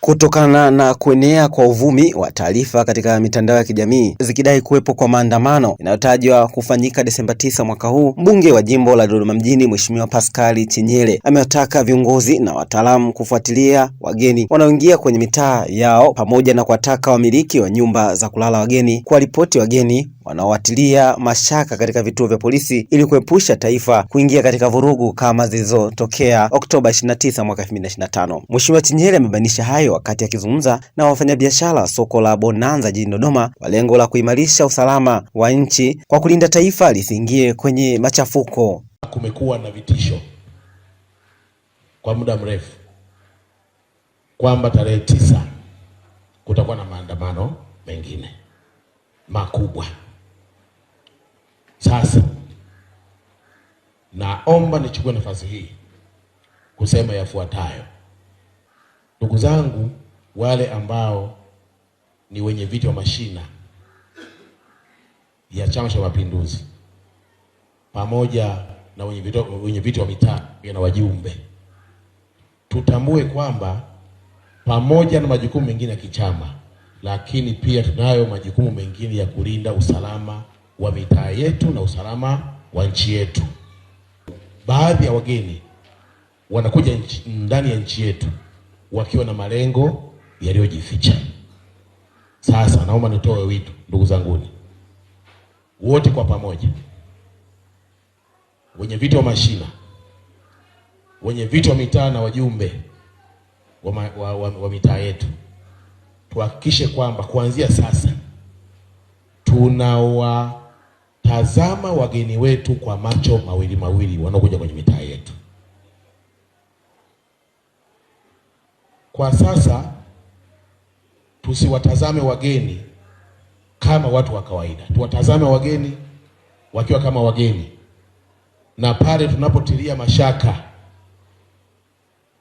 Kutokana na kuenea kwa uvumi wa taarifa katika mitandao ya kijamii zikidai kuwepo kwa maandamano inayotajwa kufanyika Desemba 9 mwaka huu, mbunge wa jimbo la Dodoma mjini Mheshimiwa Paschal Chinyele amewataka viongozi na wataalamu kufuatilia wageni wanaoingia kwenye mitaa yao pamoja na kuwataka wamiliki wa nyumba za kulala wageni kuwaripoti wageni wanaowatilia mashaka katika vituo vya polisi ili kuepusha taifa kuingia katika vurugu kama zilizotokea Oktoba 29 mwaka 2025. Mheshimiwa Chinyele amebainisha hayo hayo wakati akizungumza na wafanyabiashara soko la Bonanza jijini Dodoma kwa lengo la kuimarisha usalama wa nchi kwa kulinda taifa lisiingie kwenye machafuko. Kumekuwa na vitisho kwa muda mrefu kwamba tarehe tisa kutakuwa na maandamano mengine makubwa. Sasa naomba nichukue nafasi hii kusema yafuatayo. Ndugu zangu wale ambao ni wenye viti wa mashina ya Chama cha Mapinduzi pamoja na wenye viti wa mitaa na wajumbe, tutambue kwamba pamoja na majukumu mengine ya kichama, lakini pia tunayo majukumu mengine ya kulinda usalama wa mitaa yetu na usalama wa nchi yetu. Baadhi ya wageni wanakuja ndani ya nchi yetu wakiwa na malengo yaliyojificha. Sasa naomba nitoe wito, ndugu zanguni wote kwa pamoja, wenye viti wa mashina, wenye viti wa mitaa na wajumbe wa, ma, wa, wa, wa mitaa yetu, tuhakikishe kwamba kuanzia sasa tunawatazama wageni wetu kwa macho mawili mawili wanaokuja kwenye mitaa yetu. Kwa sasa tusiwatazame wageni kama watu wa kawaida, tuwatazame wageni wakiwa kama wageni, na pale tunapotilia mashaka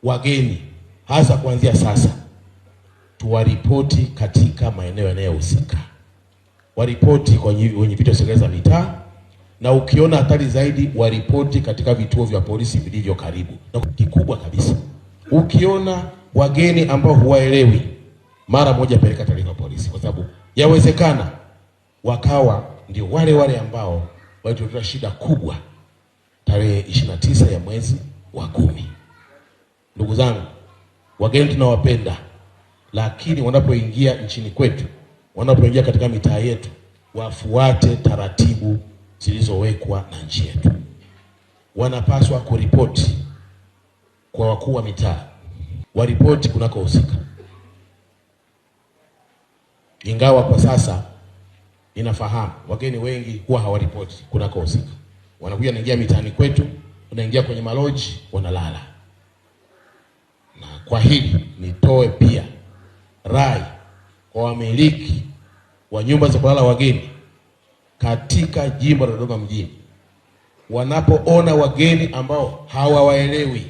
wageni, hasa kuanzia sasa, tuwaripoti katika maeneo yanayohusika, waripoti kwenye wenye wa serikali za mitaa, na ukiona hatari zaidi, waripoti katika vituo vya polisi vilivyo karibu. Na kikubwa kabisa, ukiona wageni ambao huwaelewi, mara moja peleka taarifa polisi, kwa sababu yawezekana wakawa ndio wale wale ambao walituletea shida kubwa tarehe ishirini na tisa ya mwezi wa kumi. Ndugu zangu, wageni tunawapenda, lakini wanapoingia nchini kwetu, wanapoingia katika mitaa yetu, wafuate taratibu zilizowekwa na nchi yetu. Wanapaswa kuripoti kwa wakuu wa mitaa waripoti kunakohusika, ingawa kwa sasa ninafahamu wageni wengi huwa hawaripoti kunakohusika. Wanakuja wanaingia mitaani kwetu, wanaingia kwenye maloji, wanalala. Na kwa hili nitoe pia rai kwa wamiliki wa nyumba za kulala wageni katika jimbo la Dodoma mjini, wanapoona wageni ambao hawawaelewi,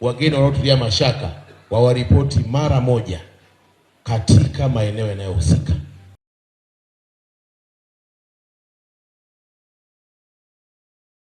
wageni wanaotulia mashaka wawaripoti mara moja katika maeneo yanayohusika.